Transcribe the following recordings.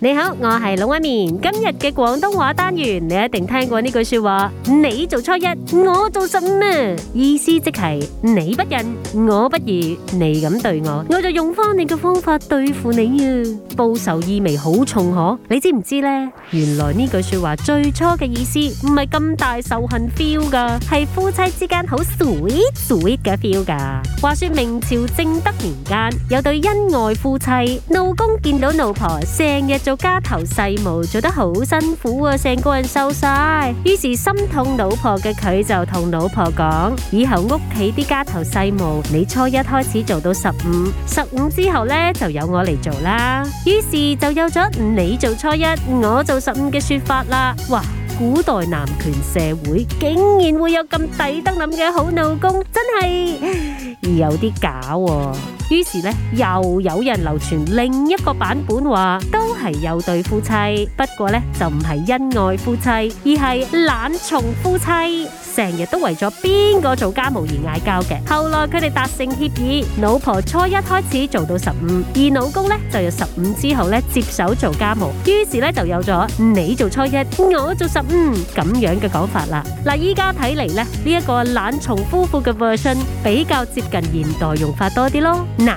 你好，我係龍紋敏。今日嘅廣東話單元，你一定聽過呢句說話。你做初一，我做十五啊，意思即係你不仁，我不義，你咁對我，我就用翻你嘅方法對付你啊。報仇意味好重可，你知唔知呢？原來呢句說話最初嘅意思唔係咁大仇恨 feel 噶，係夫妻之間好 sweet sweet 嘅 feel 噶。話說明朝正德年間，有對恩愛夫妻，老公見到老婆成日。做家頭細務做得好辛苦啊，成個人瘦晒。於是心痛老婆嘅佢就同老婆講：以後屋企啲家頭細務你初一開始做到十五，十五之後呢，就由我嚟做啦。於是就有咗你做初一，我做十五嘅說法啦。哇！古代男權社會竟然會有咁抵得諗嘅好老公，真係 有啲假啊。於是呢，又有人流傳另一個版本話都。係有對夫妻，不過咧就唔係恩愛夫妻，而係懶蟲夫妻，成日都為咗邊個做家務而嗌交嘅。後來佢哋達成協議，老婆初一開始做到十五，而老公咧就由十五之後咧接手做家務。於是咧就有咗你做初一，我做十五咁樣嘅講法啦。嗱，依家睇嚟咧，呢一個懶蟲夫婦嘅 version 比較接近現代用法多啲咯。嗱，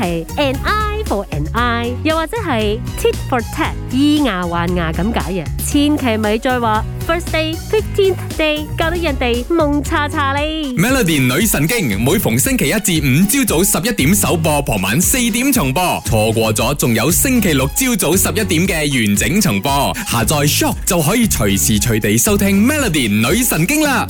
係 an eye for an eye，又或者係 tit for tat，以牙還牙咁解嘅，千祈咪再話 first day fifteenth day，教得人哋蒙查查呢？Melody 女神經每逢星期一至五朝早十一點首播，傍晚四點重播，錯過咗仲有星期六朝早十一點嘅完整重播，下載 Shock 就可以隨時隨地收聽 Melody 女神經啦。